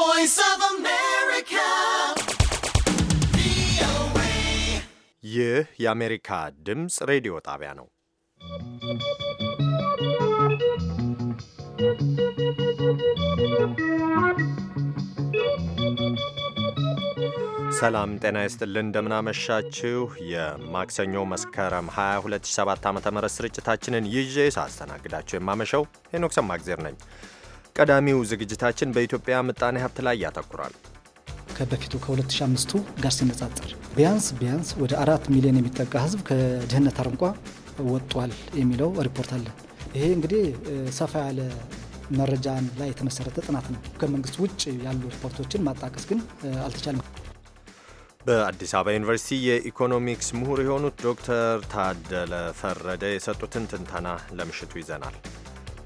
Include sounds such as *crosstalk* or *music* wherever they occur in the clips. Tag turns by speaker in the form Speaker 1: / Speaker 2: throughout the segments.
Speaker 1: voice of America.
Speaker 2: ይህ የአሜሪካ ድምፅ ሬዲዮ ጣቢያ ነው። ሰላም ጤና ይስጥልን። እንደምናመሻችሁ የማክሰኞ መስከረም 2207 ዓ ም ስርጭታችንን ይዤ ሳስተናግዳችሁ የማመሸው ሄኖክ ሰማግዜር ነኝ። ቀዳሚው ዝግጅታችን በኢትዮጵያ ምጣኔ ሀብት ላይ ያተኩራል።
Speaker 3: ከበፊቱ ከ2005ቱ ጋር ሲነጻጸር ቢያንስ ቢያንስ ወደ አራት ሚሊዮን የሚጠጋ ህዝብ ከድህነት አረንቋ ወጥቷል የሚለው ሪፖርት አለ። ይሄ እንግዲህ ሰፋ ያለ መረጃን ላይ የተመሰረተ ጥናት ነው። ከመንግስት ውጭ ያሉ ሪፖርቶችን ማጣቀስ ግን አልተቻለም።
Speaker 2: በአዲስ አበባ ዩኒቨርሲቲ የኢኮኖሚክስ ምሁር የሆኑት ዶክተር ታደለ ፈረደ የሰጡትን ትንተና ለምሽቱ ይዘናል።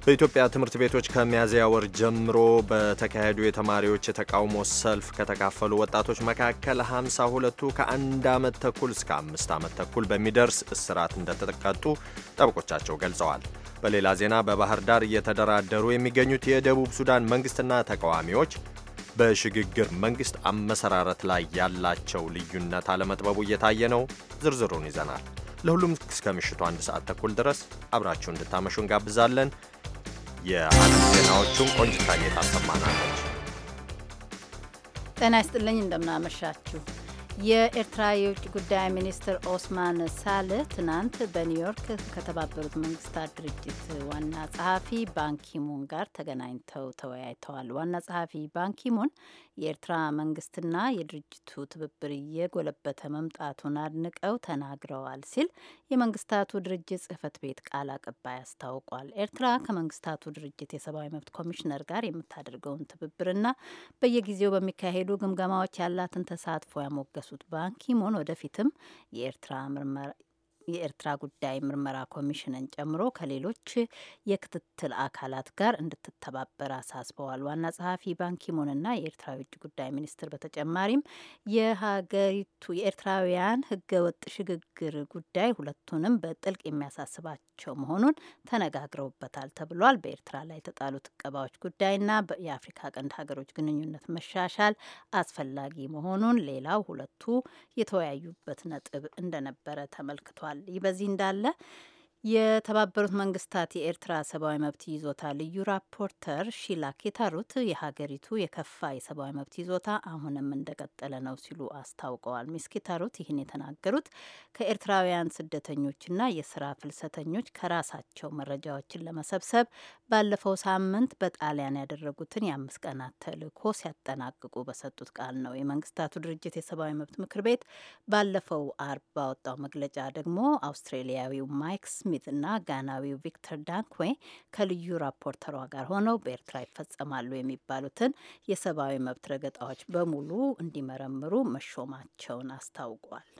Speaker 2: በኢትዮጵያ ትምህርት ቤቶች ከሚያዝያ ወር ጀምሮ በተካሄዱ የተማሪዎች የተቃውሞ ሰልፍ ከተካፈሉ ወጣቶች መካከል 52ቱ ከአንድ ዓመት ተኩል እስከ አምስት ዓመት ተኩል በሚደርስ እስራት እንደተቀጡ ጠበቆቻቸው ገልጸዋል። በሌላ ዜና በባህር ዳር እየተደራደሩ የሚገኙት የደቡብ ሱዳን መንግሥትና ተቃዋሚዎች በሽግግር መንግስት አመሰራረት ላይ ያላቸው ልዩነት አለመጥበቡ እየታየ ነው። ዝርዝሩን ይዘናል። ለሁሉም እስከ ምሽቱ አንድ ሰዓት ተኩል ድረስ አብራችሁ እንድታመሹ እንጋብዛለን። የዓለም ዜናዎቹን ቆንጅታዬ ታሰማናለች።
Speaker 4: ጤና ይስጥልኝ፣ እንደምናመሻችሁ። የኤርትራ የውጭ ጉዳይ ሚኒስትር ኦስማን ሳልህ ትናንት በኒውዮርክ ከተባበሩት መንግስታት ድርጅት ዋና ጸሐፊ ባንኪሙን ጋር ተገናኝተው ተወያይተዋል። ዋና ጸሐፊ ባንኪሙን የኤርትራ መንግስትና የድርጅቱ ትብብር እየጎለበተ መምጣቱን አድንቀው ተናግረዋል ሲል የመንግስታቱ ድርጅት ጽህፈት ቤት ቃል አቀባይ አስታውቋል። ኤርትራ ከመንግስታቱ ድርጅት የሰብአዊ መብት ኮሚሽነር ጋር የምታደርገውን ትብብርና በየጊዜው በሚካሄዱ ግምገማዎች ያላትን ተሳትፎ ያሞገሱት ባንኪሞን ወደፊትም የኤርትራ የኤርትራ ጉዳይ ምርመራ ኮሚሽንን ጨምሮ ከሌሎች የክትትል አካላት ጋር እንድትተባበር አሳስበዋል። ዋና ጸሐፊ ባንኪሙንና የኤርትራ የውጭ ጉዳይ ሚኒስትር በተጨማሪም የሀገሪቱ የኤርትራውያን ህገወጥ ሽግግር ጉዳይ ሁለቱንም በጥልቅ የሚያሳስባቸው ያላቸው መሆኑን ተነጋግረውበታል ተብሏል። በኤርትራ ላይ የተጣሉት እቀባዎች ጉዳይና የአፍሪካ ቀንድ ሀገሮች ግንኙነት መሻሻል አስፈላጊ መሆኑን ሌላው ሁለቱ የተወያዩበት ነጥብ እንደነበረ ተመልክቷል። ይህ በዚህ እንዳለ የተባበሩት መንግስታት የኤርትራ ሰብአዊ መብት ይዞታ ልዩ ራፖርተር ሺላክ የታሩት የሀገሪቱ የከፋ የሰብአዊ መብት ይዞታ አሁንም እንደቀጠለ ነው ሲሉ አስታውቀዋል። ሚስኪ ታሩት ይህን የተናገሩት ከኤርትራውያን ስደተኞችና የስራ ፍልሰተኞች ከራሳቸው መረጃዎችን ለመሰብሰብ ባለፈው ሳምንት በጣሊያን ያደረጉትን የአምስት ቀናት ተልእኮ ሲያጠናቅቁ በሰጡት ቃል ነው። የመንግስታቱ ድርጅት የሰብአዊ መብት ምክር ቤት ባለፈው አርብ ባወጣው መግለጫ ደግሞ አውስትሬሊያዊው ማይክ ስሚ እና ጋናዊው ቪክተር ዳንኩዌ ከልዩ ራፖርተሯ ጋር ሆነው በኤርትራ ይፈጸማሉ የሚባሉትን የሰብአዊ መብት ረገጣዎች በሙሉ እንዲመረምሩ መሾማቸውን አስታውቋል።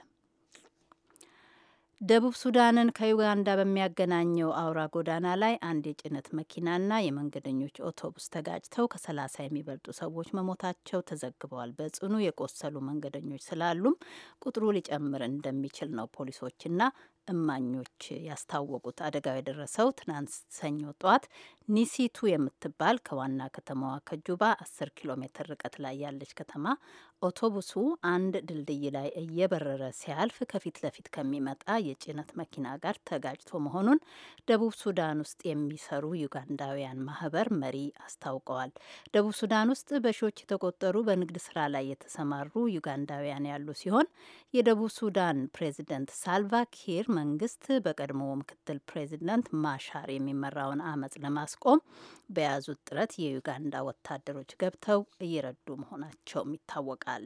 Speaker 4: ደቡብ ሱዳንን ከዩጋንዳ በሚያገናኘው አውራ ጎዳና ላይ አንድ የጭነት መኪናና የመንገደኞች አውቶቡስ ተጋጭተው ከሰላሳ የሚበልጡ ሰዎች መሞታቸው ተዘግበዋል። በጽኑ የቆሰሉ መንገደኞች ስላሉም ቁጥሩ ሊጨምር እንደሚችል ነው ፖሊሶችና እማኞች ያስታወቁት። አደጋው የደረሰው ትናንት ሰኞ ጠዋት ኒሲቱ የምትባል ከዋና ከተማዋ ከጁባ 10 ኪሎ ሜትር ርቀት ላይ ያለች ከተማ አውቶቡሱ አንድ ድልድይ ላይ እየበረረ ሲያልፍ ከፊት ለፊት ከሚመጣ የጭነት መኪና ጋር ተጋጭቶ መሆኑን ደቡብ ሱዳን ውስጥ የሚሰሩ ዩጋንዳውያን ማህበር መሪ አስታውቀዋል። ደቡብ ሱዳን ውስጥ በሺዎች የተቆጠሩ በንግድ ስራ ላይ የተሰማሩ ዩጋንዳውያን ያሉ ሲሆን የደቡብ ሱዳን ፕሬዚደንት ሳልቫ ኪር መንግስት በቀድሞ ምክትል ፕሬዚደንት ማሻር የሚመራውን አመጽ ለማስ ለማስቆም በያዙት ጥረት የዩጋንዳ ወታደሮች ገብተው እየረዱ መሆናቸውም ይታወቃል።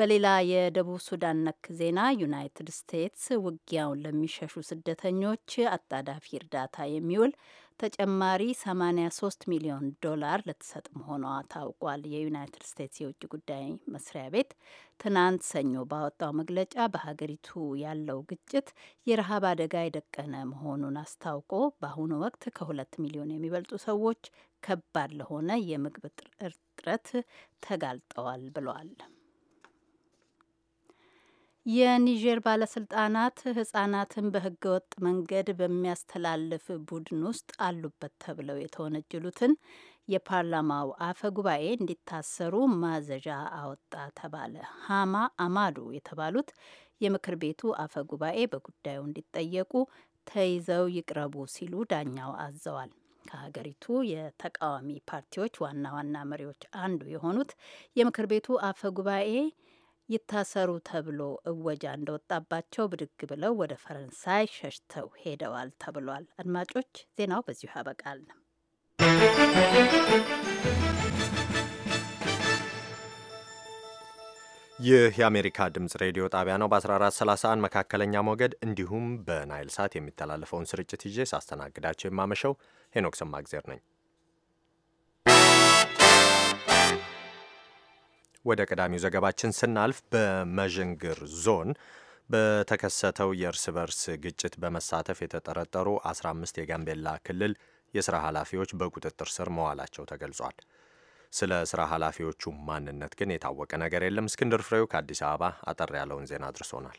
Speaker 4: በሌላ የደቡብ ሱዳን ነክ ዜና ዩናይትድ ስቴትስ ውጊያውን ለሚሸሹ ስደተኞች አጣዳፊ እርዳታ የሚውል ተጨማሪ 83 ሚሊዮን ዶላር ልትሰጥ መሆኗ ታውቋል። የዩናይትድ ስቴትስ የውጭ ጉዳይ መስሪያ ቤት ትናንት ሰኞ ባወጣው መግለጫ በሀገሪቱ ያለው ግጭት የረሃብ አደጋ የደቀነ መሆኑን አስታውቆ በአሁኑ ወቅት ከሁለት ሚሊዮን የሚበልጡ ሰዎች ከባድ ለሆነ የምግብ እጥረት ተጋልጠዋል ብሏል። የኒጀር ባለስልጣናት ህጻናትን በህገወጥ መንገድ በሚያስተላልፍ ቡድን ውስጥ አሉበት ተብለው የተወነጀሉትን የፓርላማው አፈ ጉባኤ እንዲታሰሩ ማዘዣ አወጣ ተባለ። ሃማ አማዱ የተባሉት የምክር ቤቱ አፈ ጉባኤ በጉዳዩ እንዲጠየቁ ተይዘው ይቅረቡ ሲሉ ዳኛው አዘዋል። ከሀገሪቱ የተቃዋሚ ፓርቲዎች ዋና ዋና መሪዎች አንዱ የሆኑት የምክር ቤቱ አፈ ጉባኤ ይታሰሩ ተብሎ እወጃ እንደወጣባቸው ብድግ ብለው ወደ ፈረንሳይ ሸሽተው ሄደዋል ተብሏል። አድማጮች፣ ዜናው በዚሁ ያበቃል።
Speaker 2: ይህ የአሜሪካ ድምፅ ሬዲዮ ጣቢያ ነው። በ1431 መካከለኛ ሞገድ እንዲሁም በናይል ሳት የሚተላለፈውን ስርጭት ይዤ ሳስተናግዳቸው የማመሸው ሄኖክ ሰማግዜር ነኝ። ወደ ቀዳሚው ዘገባችን ስናልፍ በመዥንግር ዞን በተከሰተው የእርስ በርስ ግጭት በመሳተፍ የተጠረጠሩ 15 የጋምቤላ ክልል የሥራ ኃላፊዎች በቁጥጥር ስር መዋላቸው ተገልጿል። ስለ ሥራ ኃላፊዎቹ ማንነት ግን የታወቀ ነገር የለም። እስክንድር ፍሬው ከአዲስ አበባ አጠር ያለውን ዜና አድርሶናል።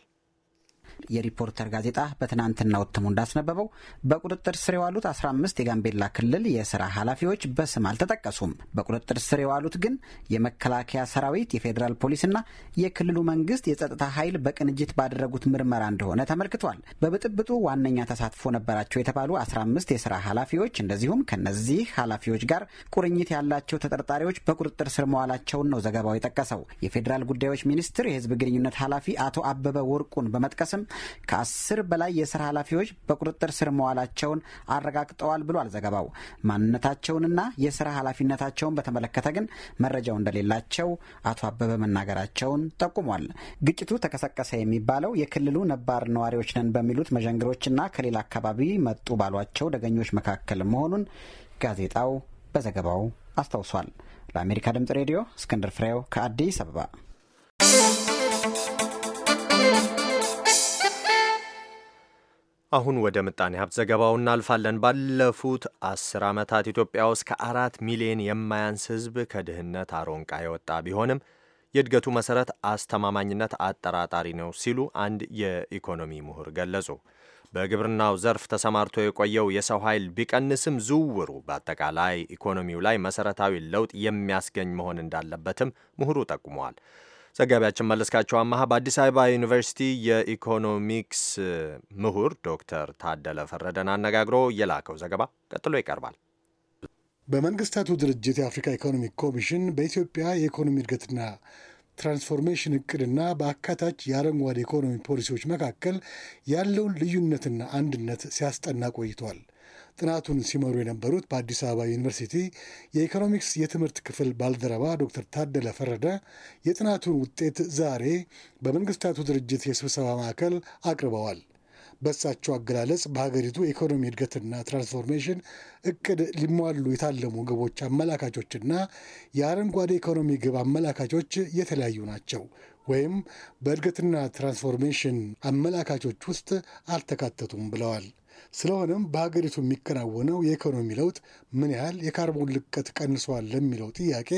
Speaker 5: የሪፖርተር ጋዜጣ በትናንትናው እትሙ እንዳስነበበው በቁጥጥር ስር የዋሉት 15 የጋምቤላ ክልል የስራ ኃላፊዎች በስም አልተጠቀሱም። በቁጥጥር ስር የዋሉት ግን የመከላከያ ሰራዊት፣ የፌዴራል ፖሊስና የክልሉ መንግስት የጸጥታ ኃይል በቅንጅት ባደረጉት ምርመራ እንደሆነ ተመልክቷል። በብጥብጡ ዋነኛ ተሳትፎ ነበራቸው የተባሉ 15 የስራ ኃላፊዎች እንደዚሁም ከነዚህ ኃላፊዎች ጋር ቁርኝት ያላቸው ተጠርጣሪዎች በቁጥጥር ስር መዋላቸውን ነው ዘገባው የጠቀሰው። የፌዴራል ጉዳዮች ሚኒስቴር የህዝብ ግንኙነት ኃላፊ አቶ አበበ ወርቁን በመጥቀስም በተጨማሪም ከአስር በላይ የስራ ኃላፊዎች በቁጥጥር ስር መዋላቸውን አረጋግጠዋል ብሏል ዘገባው። ማንነታቸውንና የስራ ኃላፊነታቸውን በተመለከተ ግን መረጃው እንደሌላቸው አቶ አበበ መናገራቸውን ጠቁሟል። ግጭቱ ተቀሰቀሰ የሚባለው የክልሉ ነባር ነዋሪዎች ነን በሚሉት መዠንግሮችና ከሌላ አካባቢ መጡ ባሏቸው ደገኞች መካከል መሆኑን ጋዜጣው በዘገባው አስታውሷል።
Speaker 2: ለአሜሪካ ድምጽ ሬዲዮ እስክንድር ፍሬው ከአዲስ አበባ አሁን ወደ ምጣኔ ሀብት ዘገባው እናልፋለን። ባለፉት አስር ዓመታት ኢትዮጵያ ውስጥ ከአራት ሚሊዮን የማያንስ ሕዝብ ከድህነት አሮንቃ የወጣ ቢሆንም የእድገቱ መሰረት አስተማማኝነት አጠራጣሪ ነው ሲሉ አንድ የኢኮኖሚ ምሁር ገለጹ። በግብርናው ዘርፍ ተሰማርቶ የቆየው የሰው ኃይል ቢቀንስም ዝውውሩ በአጠቃላይ ኢኮኖሚው ላይ መሰረታዊ ለውጥ የሚያስገኝ መሆን እንዳለበትም ምሁሩ ጠቁመዋል። ዘጋቢያችን መለስካቸው አመሀ በአዲስ አበባ ዩኒቨርሲቲ የኢኮኖሚክስ ምሁር ዶክተር ታደለ ፈረደን አነጋግሮ የላከው ዘገባ ቀጥሎ ይቀርባል።
Speaker 6: በመንግስታቱ ድርጅት የአፍሪካ ኢኮኖሚክ ኮሚሽን በኢትዮጵያ የኢኮኖሚ እድገትና ትራንስፎርሜሽን እቅድና በአካታች የአረንጓዴ ኢኮኖሚ ፖሊሲዎች መካከል ያለውን ልዩነትና አንድነት ሲያስጠና ቆይቷል። ጥናቱን ሲመሩ የነበሩት በአዲስ አበባ ዩኒቨርሲቲ የኢኮኖሚክስ የትምህርት ክፍል ባልደረባ ዶክተር ታደለ ፈረደ የጥናቱን ውጤት ዛሬ በመንግስታቱ ድርጅት የስብሰባ ማዕከል አቅርበዋል። በሳቸው አገላለጽ በሀገሪቱ የኢኮኖሚ እድገትና ትራንስፎርሜሽን እቅድ ሊሟሉ የታለሙ ግቦች አመላካቾችና የአረንጓዴ ኢኮኖሚ ግብ አመላካቾች የተለያዩ ናቸው ወይም በእድገትና ትራንስፎርሜሽን አመላካቾች ውስጥ አልተካተቱም ብለዋል። ስለሆነም በሀገሪቱ የሚከናወነው የኢኮኖሚ ለውጥ ምን ያህል የካርቦን ልቀት ቀንሷል ለሚለው ጥያቄ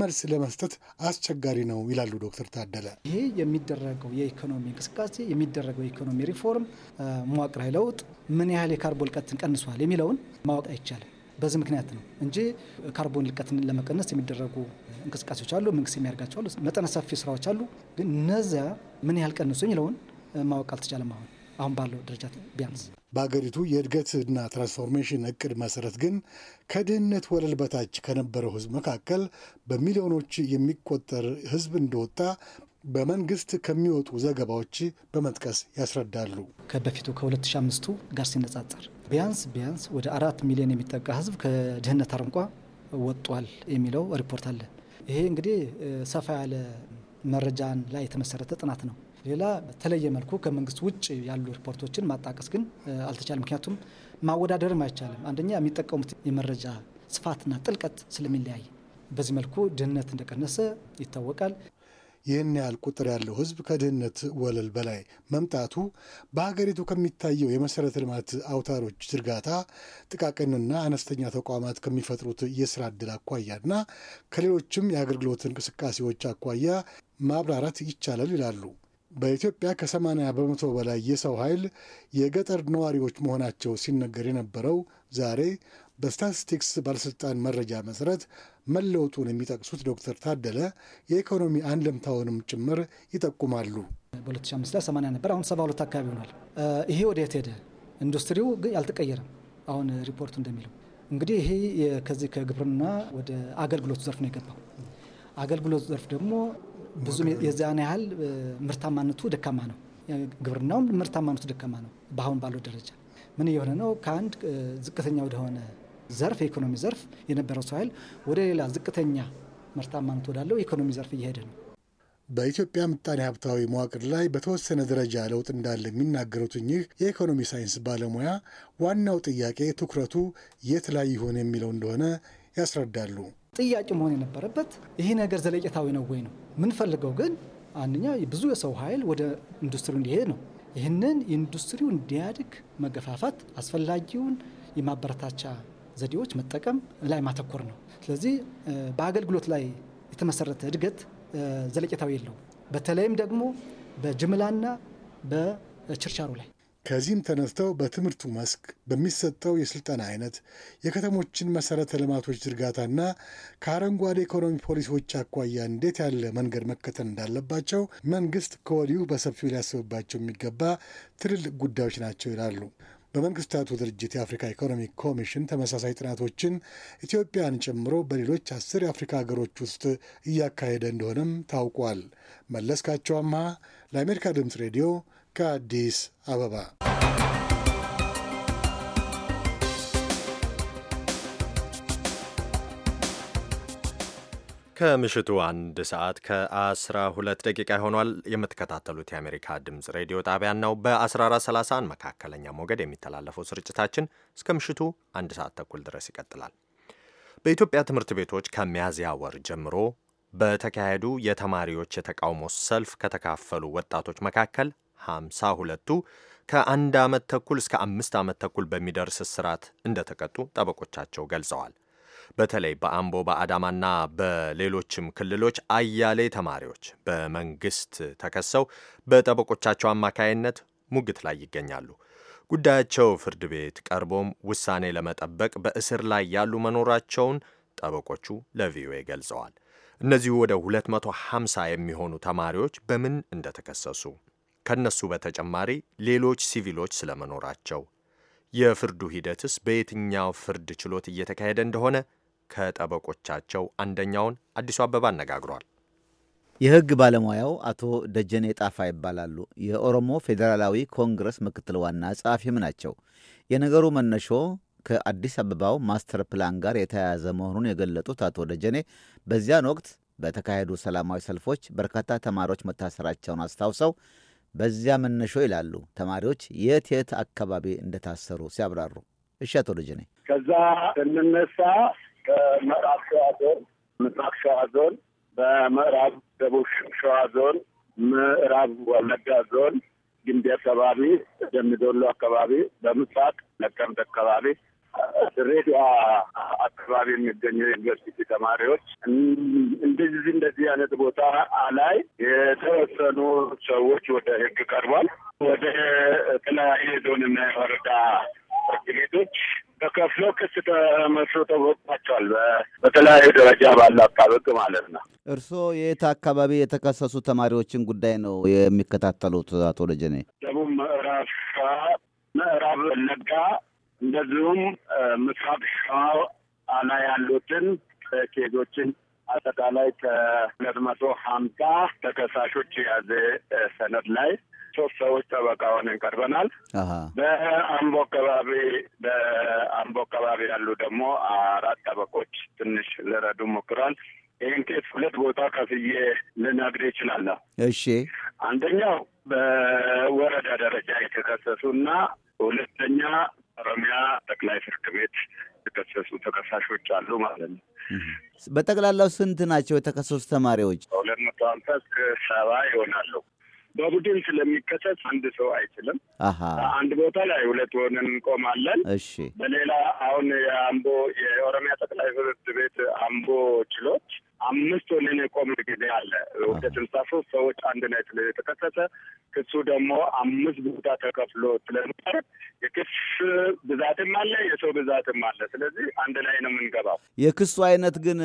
Speaker 6: መልስ ለመስጠት አስቸጋሪ ነው ይላሉ ዶክተር ታደለ። ይሄ የሚደረገው
Speaker 3: የኢኮኖሚ እንቅስቃሴ የሚደረገው የኢኮኖሚ ሪፎርም፣ መዋቅራዊ ለውጥ ምን ያህል የካርቦን ልቀትን ቀንሷል የሚለውን ማወቅ አይቻልም። በዚህ ምክንያት ነው እንጂ ካርቦን ልቀትን ለመቀነስ የሚደረጉ እንቅስቃሴዎች አሉ፣ መንግስት የሚያደርጋቸው አሉ፣ መጠነ ሰፊ ስራዎች አሉ። ግን እነዚያ ምን ያህል
Speaker 6: ቀንሱ የሚለውን ማወቅ አልተቻለም አሁን አሁን ባለው ደረጃ ቢያንስ የእድገት የእድገትና ትራንስፎርሜሽን እቅድ መሰረት ግን ከድህነት ወለል በታች ከነበረው ህዝብ መካከል በሚሊዮኖች የሚቆጠር ህዝብ እንደወጣ በመንግስት ከሚወጡ ዘገባዎች በመጥቀስ ያስረዳሉ።
Speaker 3: ከበፊቱ ከ2005ቱ ጋር ሲነጻጸር ቢያንስ ቢያንስ ወደ አራት ሚሊዮን የሚጠጋ ህዝብ ከድህነት አረንቋ ወጧል የሚለው ሪፖርት አለ። ይሄ እንግዲህ ሰፋ ያለ መረጃን ላይ የተመሰረተ ጥናት ነው። ሌላ በተለየ መልኩ ከመንግስት ውጭ ያሉ ሪፖርቶችን ማጣቀስ ግን አልተቻለም። ምክንያቱም ማወዳደርም አይቻልም። አንደኛ የሚጠቀሙት የመረጃ ስፋትና ጥልቀት ስለሚለያይ፣ በዚህ
Speaker 6: መልኩ ድህነት እንደቀነሰ ይታወቃል። ይህን ያህል ቁጥር ያለው ህዝብ ከድህነት ወለል በላይ መምጣቱ በሀገሪቱ ከሚታየው የመሰረተ ልማት አውታሮች ዝርጋታ፣ ጥቃቅንና አነስተኛ ተቋማት ከሚፈጥሩት የስራ ዕድል አኳያና ከሌሎችም የአገልግሎት እንቅስቃሴዎች አኳያ ማብራራት ይቻላል ይላሉ። በኢትዮጵያ ከ80 በመቶ በላይ የሰው ኃይል የገጠር ነዋሪዎች መሆናቸው ሲነገር የነበረው ዛሬ በስታቲስቲክስ ባለሥልጣን መረጃ መሠረት መለወጡን የሚጠቅሱት ዶክተር ታደለ የኢኮኖሚ አንድምታውንም ጭምር ይጠቁማሉ።
Speaker 3: በ2005 ላይ 80 ነበር፣ አሁን 72 አካባቢ ሆኗል። ይሄ ወደ የት ሄደ? ኢንዱስትሪው ግን አልተቀየረም። አሁን ሪፖርቱ እንደሚለው እንግዲህ ይሄ ከዚህ ከግብርና ወደ አገልግሎት ዘርፍ ነው የገባው። አገልግሎት ዘርፍ ደግሞ ብዙ የዚያን ያህል ምርታማነቱ ደካማ ነው። ግብርናውም ምርታማነቱ ደካማ ነው። በአሁን ባለው ደረጃ ምን የሆነ ነው? ከአንድ ዝቅተኛ ወደሆነ ዘርፍ የኢኮኖሚ ዘርፍ የነበረው ሰው ኃይል ወደ ሌላ ዝቅተኛ
Speaker 6: ምርታማነት ወዳለው የኢኮኖሚ ዘርፍ እየሄደ ነው። በኢትዮጵያ ምጣኔ ሀብታዊ መዋቅር ላይ በተወሰነ ደረጃ ለውጥ እንዳለ የሚናገሩት እኚህ የኢኮኖሚ ሳይንስ ባለሙያ ዋናው ጥያቄ ትኩረቱ የት ላይ ይሆን የሚለው እንደሆነ ያስረዳሉ። ጥያቄ መሆን
Speaker 3: የነበረበት ይሄ ነገር ዘለቄታዊ ነው ወይ ነው የምንፈልገው። ግን አንኛ ብዙ የሰው ኃይል ወደ ኢንዱስትሪ እንዲሄድ ነው። ይህንን ኢንዱስትሪው እንዲያድግ መገፋፋት፣ አስፈላጊውን የማበረታቻ ዘዴዎች መጠቀም ላይ ማተኮር ነው። ስለዚህ በአገልግሎት ላይ የተመሰረተ እድገት ዘለቄታዊ የለው፣ በተለይም ደግሞ በጅምላና
Speaker 6: በችርቻሮ ላይ ከዚህም ተነስተው በትምህርቱ መስክ በሚሰጠው የስልጠና አይነት የከተሞችን መሰረተ ልማቶች ዝርጋታና ከአረንጓዴ ኢኮኖሚ ፖሊሲዎች አኳያ እንዴት ያለ መንገድ መከተል እንዳለባቸው መንግስት ከወዲሁ በሰፊው ሊያስብባቸው የሚገባ ትልልቅ ጉዳዮች ናቸው ይላሉ። በመንግስታቱ ድርጅት የአፍሪካ ኢኮኖሚ ኮሚሽን ተመሳሳይ ጥናቶችን ኢትዮጵያን ጨምሮ በሌሎች አስር የአፍሪካ ሀገሮች ውስጥ እያካሄደ እንደሆነም ታውቋል። መለስካቸው ለአሜሪካ ድምፅ ሬዲዮ ከአዲስ አበባ
Speaker 2: ከምሽቱ አንድ ሰዓት ከ12 ደቂቃ ይሆኗል። የምትከታተሉት የአሜሪካ ድምፅ ሬዲዮ ጣቢያን ነው። በ1431 መካከለኛ ሞገድ የሚተላለፈው ስርጭታችን እስከ ምሽቱ አንድ ሰዓት ተኩል ድረስ ይቀጥላል። በኢትዮጵያ ትምህርት ቤቶች ከሚያዝያ ወር ጀምሮ በተካሄዱ የተማሪዎች የተቃውሞ ሰልፍ ከተካፈሉ ወጣቶች መካከል 52 ሁለቱ ከአንድ ዓመት ተኩል እስከ አምስት ዓመት ተኩል በሚደርስ እስራት እንደተቀጡ ጠበቆቻቸው ገልጸዋል። በተለይ በአምቦ በአዳማና በሌሎችም ክልሎች አያሌ ተማሪዎች በመንግስት ተከሰው በጠበቆቻቸው አማካይነት ሙግት ላይ ይገኛሉ። ጉዳያቸው ፍርድ ቤት ቀርቦም ውሳኔ ለመጠበቅ በእስር ላይ ያሉ መኖራቸውን ጠበቆቹ ለቪኦኤ ገልጸዋል። እነዚሁ ወደ 250 የሚሆኑ ተማሪዎች በምን እንደተከሰሱ ከነሱ በተጨማሪ ሌሎች ሲቪሎች ስለመኖራቸው፣ የፍርዱ ሂደትስ በየትኛው ፍርድ ችሎት እየተካሄደ እንደሆነ ከጠበቆቻቸው አንደኛውን አዲሱ አበባ አነጋግሯል።
Speaker 7: የሕግ ባለሙያው አቶ ደጀኔ ጣፋ ይባላሉ። የኦሮሞ ፌዴራላዊ ኮንግረስ ምክትል ዋና ጸሐፊም ናቸው። የነገሩ መነሾ ከአዲስ አበባው ማስተር ፕላን ጋር የተያያዘ መሆኑን የገለጡት አቶ ደጀኔ በዚያን ወቅት በተካሄዱ ሰላማዊ ሰልፎች በርካታ ተማሪዎች መታሰራቸውን አስታውሰው በዚያ መነሾ ይላሉ ተማሪዎች የት የት አካባቢ እንደታሰሩ ሲያብራሩ። እሺ አቶ ልጅኔ
Speaker 8: ከዛ ስንነሳ በምዕራብ ሸዋ ዞን፣ ምስራቅ ሸዋ ዞን፣ በምዕራብ ደቡብ ሸዋ ዞን፣ ምዕራብ ወለጋ ዞን ግንቢ አካባቢ፣ ደምቢዶሎ አካባቢ፣ በምስራቅ ነቀምት አካባቢ ድሬዳዋ አካባቢ የሚገኙ ዩኒቨርሲቲ ተማሪዎች እንደዚህ እንደዚህ አይነት ቦታ ላይ የተወሰኑ ሰዎች ወደ ህግ ቀርቧል። ወደ ተለያዩ ዞንና የወረዳ ፍርድ ቤቶች ተከፍሎ ክስ ተመስርቶ ተወጥቷቸዋል። በተለያዩ ደረጃ ባለ አቃበቅ ማለት ነው።
Speaker 7: እርስዎ የት አካባቢ የተከሰሱ ተማሪዎችን ጉዳይ ነው የሚከታተሉት? አቶ ደጀኔ
Speaker 8: ደቡብ ምዕራፍ ምዕራብ ለጋ እንደዚሁም ምስራቅ ሸዋ ላይ ያሉትን ኬዞችን አጠቃላይ ከሁለት መቶ ሀምሳ ተከሳሾች የያዘ ሰነድ ላይ ሶስት ሰዎች ጠበቃ ሆነን ቀርበናል። በአምቦ አካባቢ በአምቦ አካባቢ ያሉ ደግሞ አራት ጠበቆች ትንሽ ልረዱ ሞክሯል። ይህን ኬስ ሁለት ቦታ ከፍዬ ልነግር ይችላለሁ። እሺ፣ አንደኛው በወረዳ ደረጃ የተከሰሱ እና ሁለተኛ ኦሮሚያ ጠቅላይ ፍርድ ቤት የተከሰሱ ተከሳሾች አሉ ማለት ነው።
Speaker 7: በጠቅላላው ስንት ናቸው የተከሰሱ ተማሪዎች?
Speaker 8: ሁለት መቶ ሀምሳ እስከ ሰባ ይሆናሉ። በቡድን ስለሚከሰስ አንድ ሰው አይችልም። አንድ ቦታ ላይ ሁለት ሆነን እንቆማለን። እሺ። በሌላ አሁን የአምቦ የኦሮሚያ ጠቅላይ ፍርድ ቤት አምቦ ችሎች? አምስት ሆነን የቆመ ጊዜ አለ። ወደ ስልሳ ሶስት ሰዎች አንድ ላይ ስለተከሰሰ ክሱ ደግሞ አምስት ቦታ ተከፍሎ ስለነበር የክስ ብዛትም አለ፣ የሰው ብዛትም አለ። ስለዚህ አንድ ላይ ነው የምንገባው።
Speaker 7: የክሱ አይነት ግን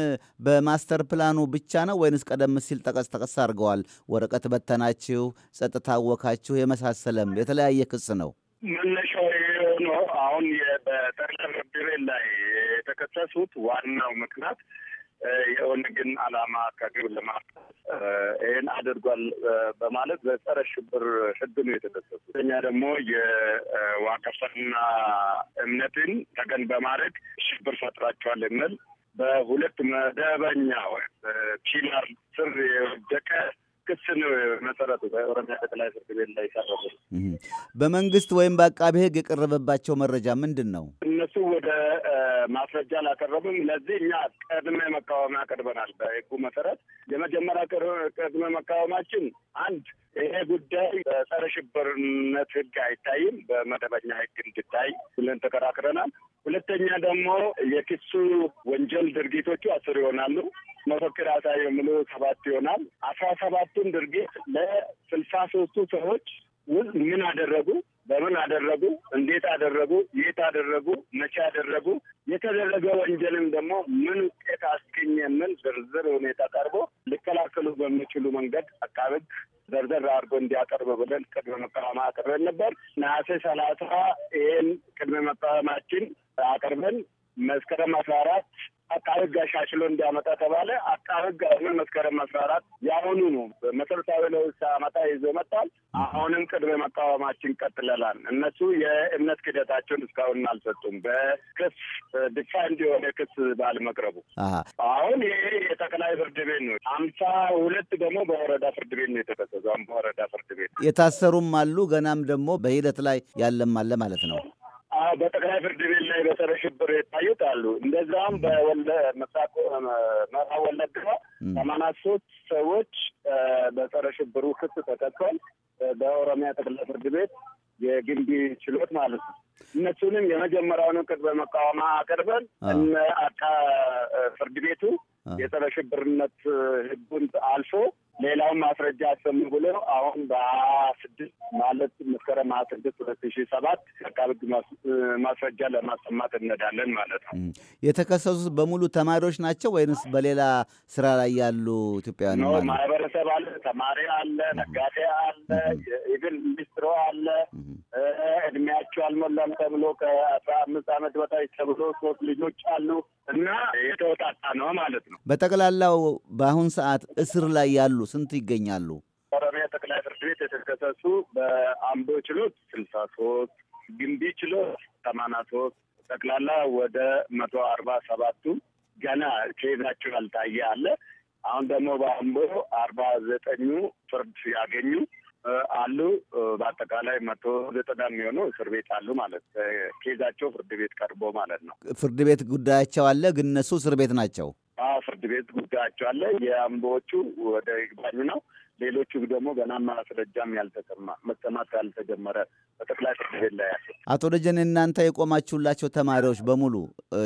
Speaker 7: በማስተር ፕላኑ ብቻ ነው ወይንስ ቀደም ሲል ጠቀስ ጠቀስ አድርገዋል? ወረቀት በተናችሁ፣ ጸጥታ አወካችሁ፣ የመሳሰለም የተለያየ ክስ ነው
Speaker 8: መነሻው ነው። አሁን በጠቅላይ ፍርድ ቤት ላይ የተከሰሱት ዋናው ምክንያት የኦነግን አላማ ከግብ ለማድረስ ይህን አድርጓል በማለት በጸረ ሽብር ህግ ነው የተደሰሱ። እኛ ደግሞ የዋቀፈና እምነትን ተገን በማድረግ ሽብር ፈጥራቸዋል የሚል በሁለት መደበኛ ፒላር ስር የወደቀ ክስ ነው መሰረቱ በኦሮሚያ ጠቅላይ ፍርድ ቤት ላይ ቀረቡ።
Speaker 7: በመንግስት ወይም በአቃቤ ህግ የቀረበባቸው መረጃ ምንድን ነው?
Speaker 8: እነሱ ወደ ማስረጃ አላቀረቡም። ለዚህ እኛ ቅድመ መቃወሚያ አቅርበናል። በህጉ መሰረት የመጀመሪያ ቅድመ መቃወማችን አንድ ይሄ ጉዳይ በጸረ ሽብርነት ህግ አይታይም፣ በመደበኛ ህግ እንድታይ ብለን ተከራክረናል። ሁለተኛ ደግሞ የክሱ ወንጀል ድርጊቶቹ አስር ይሆናሉ። መፈክር አሳዩ የሚሉ ሰባት ይሆናል። አስራ ሰባቱን ድርጊት ለስልሳ ሶስቱ ሰዎች ውስጥ ምን አደረጉ፣ በምን አደረጉ፣ እንዴት አደረጉ፣ የት አደረጉ፣ መቼ አደረጉ፣ የተደረገ ወንጀልም ደግሞ ምን ውጤት አስገኘ ምን ዝርዝር ሁኔታ ቀርቦ ሊከላከሉ በሚችሉ መንገድ አቃቤ ዘርዘር አድርጎ እንዲያቀርብ ብለን ቅድመ መቃወማ አቅርበን ነበር። ነሐሴ ሰላሳ ይህን ቅድመ መቃወማችን አቅርበን መስከረም አስራ አራት አቃቤ ሕግ አሻሽሎ እንዲያመጣ ተባለ። አቃቤ ሕግ አሁንም መስከረም አስራ አራት የአሁኑ ነው መሰረታዊ ለውጥ አመጣ ይዞ መጣል። አሁንም ቅድመ መቃወማችን ቀጥለላል። እነሱ የእምነት ክደታቸውን እስካሁን አልሰጡም። በክስ ዲፋይንድ የሆነ ክስ ባልመቅረቡ አሁን ይሄ የጠቅላይ ፍርድ ቤት ነው። አምሳ ሁለት ደግሞ በወረዳ ፍርድ ቤት ነው የተከሰሱ። በወረዳ ፍርድ ቤት
Speaker 7: የታሰሩም አሉ። ገናም ደግሞ በሂደት ላይ ያለም አለ ማለት ነው።
Speaker 8: በጠቅላይ ፍርድ ቤት ላይ በፀረ ሽብር የታዩት አሉ። እንደዛም በምስራቅ ምዕራብ ወለጋ ሰማንያ ሶስት ሰዎች በፀረ ሽብሩ ክስ ተከቷል። በኦሮሚያ ጠቅላይ ፍርድ ቤት የግንቢ ችሎት ማለት ነው። እነሱንም የመጀመሪያውን እቅድ መቃወማ አቅርበን እነ አቃ ፍርድ ቤቱ የጸረ ሽብርነት ህጉን አልፎ ሌላውን ማስረጃ አሰሙ ብሎ አሁን በሀያ ስድስት ማለት መስከረም ሀያ ስድስት ሁለት ሺ ሰባት አቃቤ ህግ ማስረጃ ለማሰማት እንሄዳለን ማለት ነው።
Speaker 7: የተከሰሱት በሙሉ ተማሪዎች ናቸው ወይንስ በሌላ ስራ ላይ ያሉ ኢትዮጵያውያን? ማህበረሰብ
Speaker 8: አለ፣ ተማሪ አለ፣ ነጋዴ አለ፣ ኢቭን ሚኒስትሮ አለ። እድሜያቸው አልሞላም ተብሎ ከአስራ አምስት አመት በታች ተብሎ ሶስት ልጆች አሉ። እና የተወጣጣ ነው ማለት
Speaker 7: ነው። በጠቅላላው በአሁን ሰዓት እስር ላይ ያሉ ስንት ይገኛሉ?
Speaker 8: ኦሮሚያ ጠቅላይ ፍርድ ቤት የተከሰሱ በአምቦ ችሎት ስልሳ ሶስት ግንቢ ችሎት ሰማና ሶስት ጠቅላላ ወደ መቶ አርባ ሰባቱ ገና ከይዛቸው ያልታየ አለ። አሁን ደግሞ በአምቦ አርባ ዘጠኙ ፍርድ ያገኙ አሉ። በአጠቃላይ መቶ ዘጠና የሚሆኑ እስር ቤት አሉ ማለት ኬዛቸው ፍርድ ቤት ቀርቦ ማለት ነው።
Speaker 7: ፍርድ ቤት ጉዳያቸው አለ፣ ግን እነሱ እስር ቤት ናቸው።
Speaker 8: ፍርድ ቤት ጉዳያቸው አለ። የአምቦዎቹ ወደ ይግባኙ ነው። ሌሎቹ ደግሞ ገና ማስረጃም ያልተሰማ መሰማት ያልተጀመረ በጠቅላይ ፍርድ ቤት ላይ ያለ።
Speaker 7: አቶ ደጀን፣ እናንተ የቆማችሁላቸው ተማሪዎች በሙሉ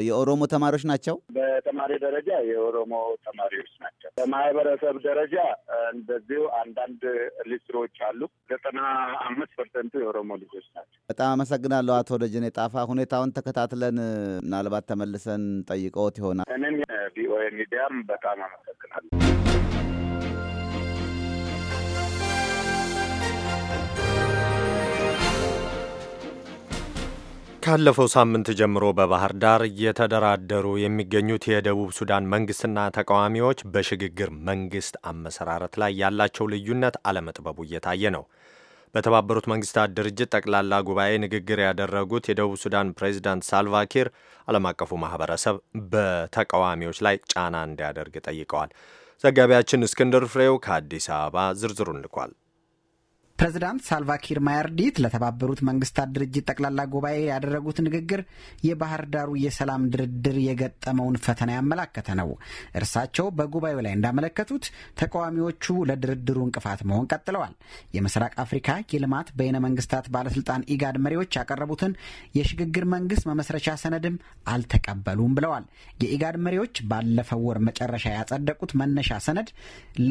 Speaker 7: የኦሮሞ ተማሪዎች ናቸው።
Speaker 8: በተማሪ ደረጃ የኦሮሞ ተማሪዎች ናቸው። በማህበረሰብ ደረጃ እንደዚሁ አንዳንድ ሊስትሮች አሉ። ዘጠና አምስት ፐርሰንቱ የኦሮሞ ልጆች ናቸው።
Speaker 7: በጣም አመሰግናለሁ አቶ ደጀን ጣፋ። ሁኔታውን ተከታትለን ምናልባት ተመልሰን ጠይቀውት ይሆናል። እኔም
Speaker 8: ቪኦኤ ሚዲያም በጣም አመሰግናለሁ።
Speaker 2: ካለፈው ሳምንት ጀምሮ በባህር ዳር እየተደራደሩ የሚገኙት የደቡብ ሱዳን መንግስትና ተቃዋሚዎች በሽግግር መንግስት አመሰራረት ላይ ያላቸው ልዩነት አለመጥበቡ እየታየ ነው። በተባበሩት መንግስታት ድርጅት ጠቅላላ ጉባኤ ንግግር ያደረጉት የደቡብ ሱዳን ፕሬዚዳንት ሳልቫኪር ዓለም አቀፉ ማህበረሰብ በተቃዋሚዎች ላይ ጫና እንዲያደርግ ጠይቀዋል። ዘጋቢያችን እስክንድር ፍሬው ከአዲስ አበባ ዝርዝሩን ልኳል።
Speaker 5: ፕሬዝዳንት ሳልቫኪር ማያርዲት ለተባበሩት መንግስታት ድርጅት ጠቅላላ ጉባኤ ያደረጉት ንግግር የባህር ዳሩ የሰላም ድርድር የገጠመውን ፈተና ያመላከተ ነው። እርሳቸው በጉባኤው ላይ እንዳመለከቱት ተቃዋሚዎቹ ለድርድሩ እንቅፋት መሆን ቀጥለዋል። የምስራቅ አፍሪካ የልማት በይነ መንግስታት ባለስልጣን ኢጋድ መሪዎች ያቀረቡትን የሽግግር መንግስት መመስረቻ ሰነድም አልተቀበሉም ብለዋል። የኢጋድ መሪዎች ባለፈው ወር መጨረሻ ያጸደቁት መነሻ ሰነድ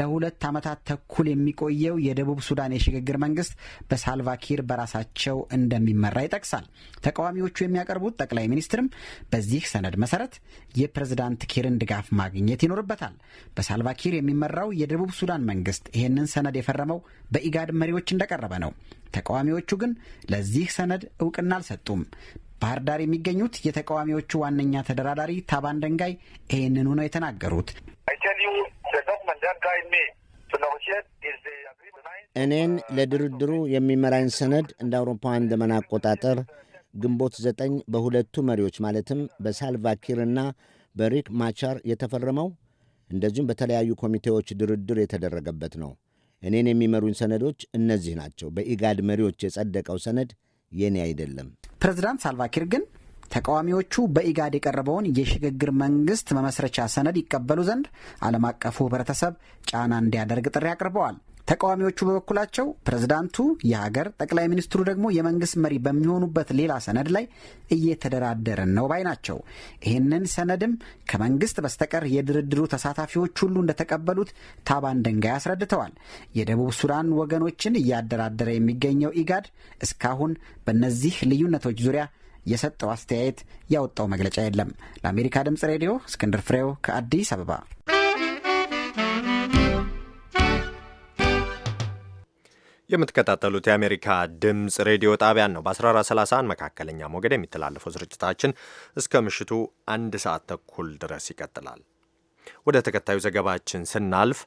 Speaker 5: ለሁለት ዓመታት ተኩል የሚቆየው የደቡብ ሱዳን የሽግግር መንግስት በሳልቫኪር በራሳቸው እንደሚመራ ይጠቅሳል። ተቃዋሚዎቹ የሚያቀርቡት ጠቅላይ ሚኒስትርም በዚህ ሰነድ መሰረት የፕሬዝዳንት ኪርን ድጋፍ ማግኘት ይኖርበታል። በሳልቫኪር የሚመራው የደቡብ ሱዳን መንግስት ይህንን ሰነድ የፈረመው በኢጋድ መሪዎች እንደቀረበ ነው። ተቃዋሚዎቹ ግን ለዚህ ሰነድ እውቅና አልሰጡም። ባህር ዳር የሚገኙት የተቃዋሚዎቹ ዋነኛ ተደራዳሪ ታባን ደንጋይ ይህንኑ ነው የተናገሩት። እኔን ለድርድሩ
Speaker 7: የሚመራኝ ሰነድ እንደ አውሮፓውያን ዘመን አቆጣጠር ግንቦት ዘጠኝ በሁለቱ መሪዎች ማለትም በሳልቫኪርና በሪክ ማቻር የተፈረመው እንደዚሁም በተለያዩ ኮሚቴዎች ድርድር የተደረገበት ነው። እኔን የሚመሩኝ ሰነዶች እነዚህ ናቸው። በኢጋድ
Speaker 5: መሪዎች የጸደቀው ሰነድ የኔ አይደለም። ፕሬዝዳንት ሳልቫኪር ግን ተቃዋሚዎቹ በኢጋድ የቀረበውን የሽግግር መንግስት መመስረቻ ሰነድ ይቀበሉ ዘንድ ዓለም አቀፉ ህብረተሰብ ጫና እንዲያደርግ ጥሪ አቅርበዋል። ተቃዋሚዎቹ በበኩላቸው ፕሬዝዳንቱ የሀገር ጠቅላይ ሚኒስትሩ ደግሞ የመንግስት መሪ በሚሆኑበት ሌላ ሰነድ ላይ እየተደራደርን ነው ባይ ናቸው። ይህንን ሰነድም ከመንግስት በስተቀር የድርድሩ ተሳታፊዎች ሁሉ እንደተቀበሉት ታባን ደንጋይ አስረድተዋል። የደቡብ ሱዳን ወገኖችን እያደራደረ የሚገኘው ኢጋድ እስካሁን በእነዚህ ልዩነቶች ዙሪያ የሰጠው አስተያየት ያወጣው መግለጫ የለም። ለአሜሪካ ድምጽ ሬዲዮ እስክንድር ፍሬው ከአዲስ አበባ
Speaker 2: የምትከታተሉት የአሜሪካ ድምፅ ሬዲዮ ጣቢያን ነው። በ1431 መካከለኛ ሞገድ የሚተላለፈው ስርጭታችን እስከ ምሽቱ አንድ ሰዓት ተኩል ድረስ ይቀጥላል። ወደ ተከታዩ ዘገባችን ስናልፍ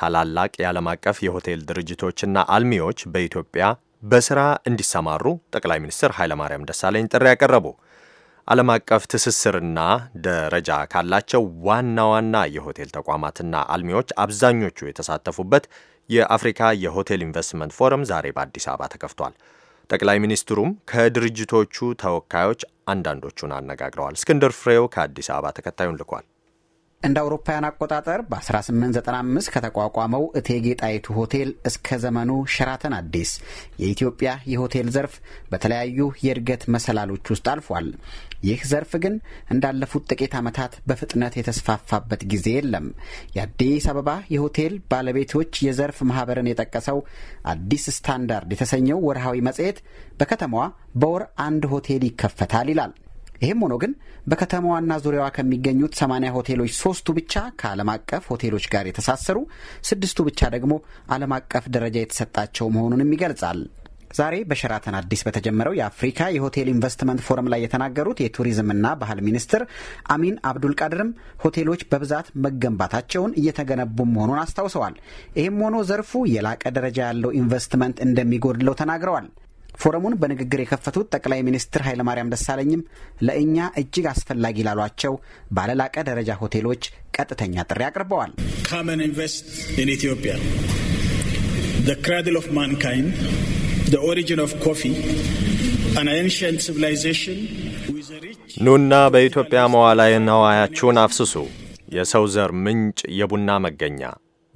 Speaker 2: ታላላቅ የዓለም አቀፍ የሆቴል ድርጅቶችና አልሚዎች በኢትዮጵያ በሥራ እንዲሰማሩ ጠቅላይ ሚኒስትር ኃይለማርያም ደሳለኝ ጥሪ ያቀረቡ ዓለም አቀፍ ትስስርና ደረጃ ካላቸው ዋና ዋና የሆቴል ተቋማትና አልሚዎች አብዛኞቹ የተሳተፉበት የአፍሪካ የሆቴል ኢንቨስትመንት ፎረም ዛሬ በአዲስ አበባ ተከፍቷል። ጠቅላይ ሚኒስትሩም ከድርጅቶቹ ተወካዮች አንዳንዶቹን አነጋግረዋል። እስክንድር ፍሬው ከአዲስ አበባ ተከታዩን ልኳል።
Speaker 5: እንደ አውሮፓውያን አቆጣጠር በ1895 ከተቋቋመው እቴጌ ጣይቱ ሆቴል እስከ ዘመኑ ሸራተን አዲስ የኢትዮጵያ የሆቴል ዘርፍ በተለያዩ የእድገት መሰላሎች ውስጥ አልፏል። ይህ ዘርፍ ግን እንዳለፉት ጥቂት ዓመታት በፍጥነት የተስፋፋበት ጊዜ የለም። የአዲስ አበባ የሆቴል ባለቤቶች የዘርፍ ማህበርን የጠቀሰው አዲስ ስታንዳርድ የተሰኘው ወርሃዊ መጽሔት በከተማዋ በወር አንድ ሆቴል ይከፈታል ይላል። ይህም ሆኖ ግን በከተማዋና ዙሪያዋ ከሚገኙት ሰማንያ ሆቴሎች ሶስቱ ብቻ ከዓለም አቀፍ ሆቴሎች ጋር የተሳሰሩ፣ ስድስቱ ብቻ ደግሞ ዓለም አቀፍ ደረጃ የተሰጣቸው መሆኑንም ይገልጻል። ዛሬ በሸራተን አዲስ በተጀመረው የአፍሪካ የሆቴል ኢንቨስትመንት ፎረም ላይ የተናገሩት የቱሪዝምና ባህል ሚኒስትር አሚን አብዱልቃድርም ሆቴሎች በብዛት መገንባታቸውን እየተገነቡ መሆኑን አስታውሰዋል። ይህም ሆኖ ዘርፉ የላቀ ደረጃ ያለው ኢንቨስትመንት እንደሚጎድለው ተናግረዋል። ፎረሙን በንግግር የከፈቱት ጠቅላይ ሚኒስትር ኃይለማርያም ደሳለኝም ለእኛ እጅግ አስፈላጊ ላሏቸው ባለላቀ ደረጃ ሆቴሎች ቀጥተኛ ጥሪ አቅርበዋል።
Speaker 8: ካመን ኢንቨስት ኢን ኢትዮጵያ ዘ ክራድል ኦፍ ማንካይንድ ዘ ኦሪጂን ኦፍ ኮፊ አን ሲቪላይዜሽን
Speaker 2: ኑና በኢትዮጵያ መዋላ ንዋያችሁን አፍስሱ። የሰው ዘር ምንጭ፣ የቡና መገኛ፣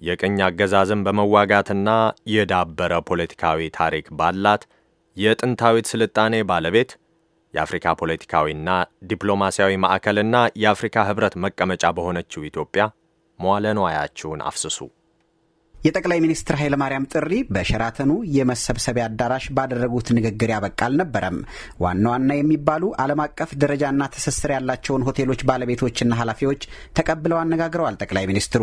Speaker 2: የቅኝ አገዛዝን በመዋጋትና የዳበረ ፖለቲካዊ ታሪክ ባላት የጥንታዊት ስልጣኔ ባለቤት የአፍሪካ ፖለቲካዊና ዲፕሎማሲያዊ ማዕከልና የአፍሪካ ህብረት መቀመጫ በሆነችው ኢትዮጵያ መዋለ ንዋያችሁን አፍስሱ።
Speaker 5: የጠቅላይ ሚኒስትር ኃይለማርያም ጥሪ በሸራተኑ የመሰብሰቢያ አዳራሽ ባደረጉት ንግግር ያበቃ አልነበረም። ዋና ዋና የሚባሉ ዓለም አቀፍ ደረጃና ትስስር ያላቸውን ሆቴሎች ባለቤቶችና ኃላፊዎች ተቀብለው አነጋግረዋል። ጠቅላይ ሚኒስትሩ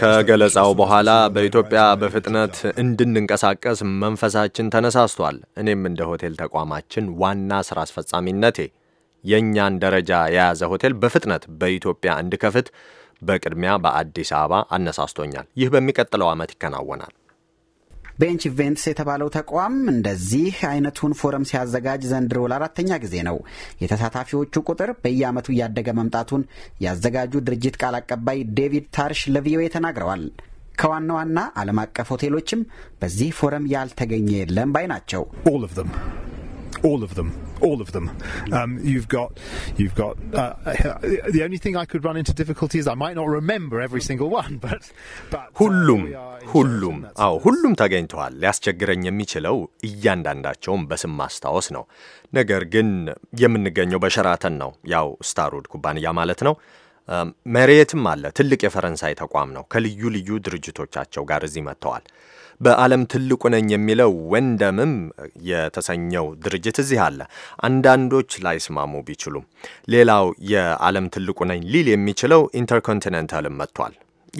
Speaker 2: ከገለጻው በኋላ በኢትዮጵያ በፍጥነት እንድንንቀሳቀስ መንፈሳችን ተነሳስቷል። እኔም እንደ ሆቴል ተቋማችን ዋና ሥራ አስፈጻሚነቴ የእኛን ደረጃ የያዘ ሆቴል በፍጥነት በኢትዮጵያ እንድከፍት በቅድሚያ በአዲስ አበባ አነሳስቶኛል። ይህ በሚቀጥለው ዓመት ይከናወናል።
Speaker 5: ቤንች ኢቬንትስ የተባለው ተቋም እንደዚህ አይነቱን ፎረም ሲያዘጋጅ ዘንድሮ ለአራተኛ ጊዜ ነው። የተሳታፊዎቹ ቁጥር በየአመቱ እያደገ መምጣቱን ያዘጋጁ ድርጅት ቃል አቀባይ ዴቪድ ታርሽ ለቪኦኤ ተናግረዋል። ከዋና ዋና ዓለም አቀፍ ሆቴሎችም በዚህ ፎረም ያልተገኘ የለም ባይ ናቸው። all
Speaker 6: of them, all of them. Um, you've got, you've got. Uh, uh, the only thing I could run into difficulty is I might not remember every single one, *laughs* but but uh, ሁሉም ሁሉም
Speaker 2: አዎ ሁሉም ተገኝተዋል። ሊያስቸግረኝ የሚችለው እያንዳንዳቸውን በስም ማስታወስ ነው። ነገር ግን የምንገኘው በሸራተን ነው፣ ያው ስታርውድ ኩባንያ ማለት ነው። መሬትም አለ። ትልቅ የፈረንሳይ ተቋም ነው። ከልዩ ልዩ ድርጅቶቻቸው ጋር እዚህ መጥተዋል። በዓለም ትልቁ ነኝ የሚለው ወንደምም የተሰኘው ድርጅት እዚህ አለ። አንዳንዶች ላይስማሙ ቢችሉም ሌላው የዓለም ትልቁ ነኝ ሊል የሚችለው ኢንተርኮንቲኔንታልም መጥቷል።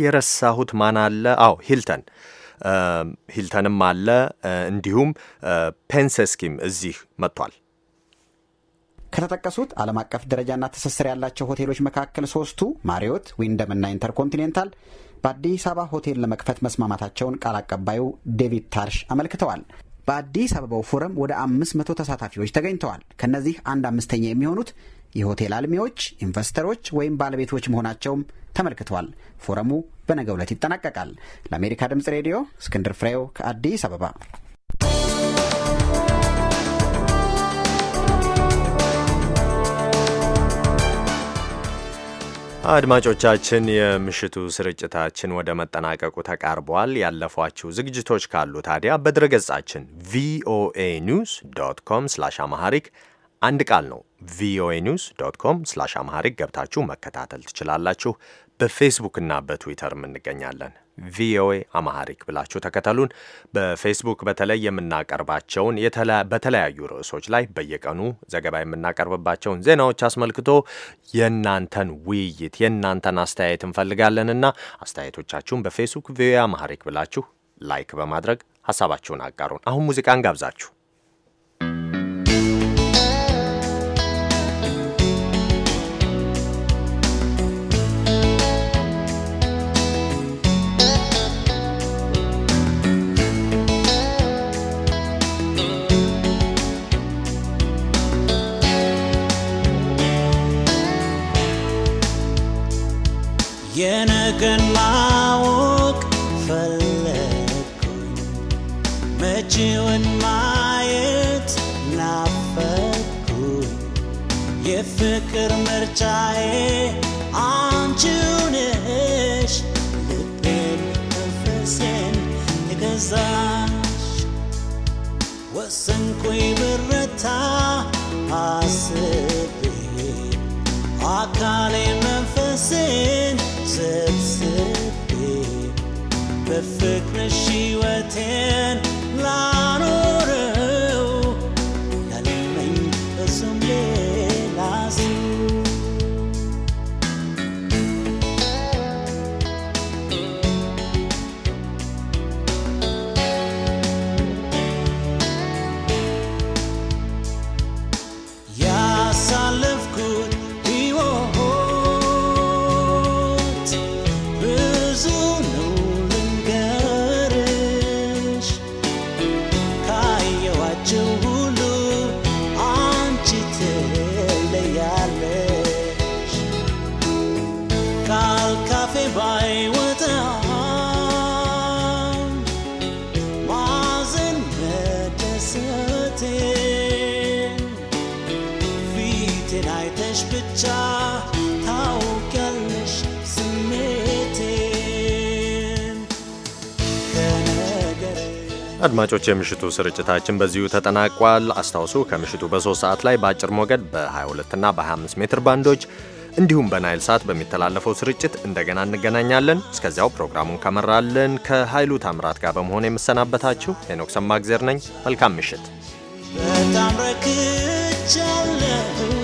Speaker 2: የረሳሁት ማን አለ? አዎ ሂልተን ሂልተንም አለ። እንዲሁም ፔንሰስኪም እዚህ መጥቷል።
Speaker 5: ከተጠቀሱት ዓለም አቀፍ ደረጃና ትስስር ያላቸው ሆቴሎች መካከል ሶስቱ ማሪዮት፣ ዊንደምና ኢንተርኮንቲኔንታል በአዲስ አበባ ሆቴል ለመክፈት መስማማታቸውን ቃል አቀባዩ ዴቪድ ታርሽ አመልክተዋል። በአዲስ አበባው ፎረም ወደ አምስት መቶ ተሳታፊዎች ተገኝተዋል። ከእነዚህ አንድ አምስተኛ የሚሆኑት የሆቴል አልሚዎች፣ ኢንቨስተሮች ወይም ባለቤቶች መሆናቸውም ተመልክተዋል። ፎረሙ በነገው ዕለት ይጠናቀቃል። ለአሜሪካ ድምፅ ሬዲዮ እስክንድር ፍሬው ከአዲስ አበባ
Speaker 2: አድማጮቻችን የምሽቱ ስርጭታችን ወደ መጠናቀቁ ተቃርቧል። ያለፏችሁ ዝግጅቶች ካሉ ታዲያ በድረገጻችን ቪኦኤ ኒውስ ዶት ኮም ስላሽ አማሐሪክ አንድ ቃል ነው ቪኦኤ ኒውስ ዶት ኮም ስላሽ አማሐሪክ ገብታችሁ መከታተል ትችላላችሁ። በፌስቡክና በትዊተርም እንገኛለን። ቪኦኤ አማሐሪክ ብላችሁ ተከተሉን። በፌስቡክ በተለይ የምናቀርባቸውን በተለያዩ ርዕሶች ላይ በየቀኑ ዘገባ የምናቀርብባቸውን ዜናዎች አስመልክቶ የእናንተን ውይይት የእናንተን አስተያየት እንፈልጋለንና አስተያየቶቻችሁን በፌስቡክ ቪኦኤ አማሐሪክ ብላችሁ ላይክ በማድረግ ሀሳባችሁን አጋሩን። አሁን ሙዚቃን ጋብዛችሁ
Speaker 1: የነገን ማወቅ ፈለግኩኝ መቼውን ማየት ናፈኩ! የፍቅር ምርጫዬ አንቺው ነሽ ልቤን መንፈሴን የገዛሽ ወሰንኩኝ ብረታ አስቤ አካሌ መንፈሴን zip, zip, zip, perfect, she went in, la, no, no, no.
Speaker 2: አድማጮች የምሽቱ ስርጭታችን በዚሁ ተጠናቋል። አስታውሱ ከምሽቱ በሶስት ሰዓት ላይ በአጭር ሞገድ በ22 እና በ25 ሜትር ባንዶች እንዲሁም በናይል ሳት በሚተላለፈው ስርጭት እንደገና እንገናኛለን። እስከዚያው ፕሮግራሙን ከመራለን ከኃይሉ ታምራት ጋር በመሆን የምሰናበታችሁ ሄኖክ ሰማግዜር ነኝ። መልካም ምሽት። በጣም ረክቻለሁ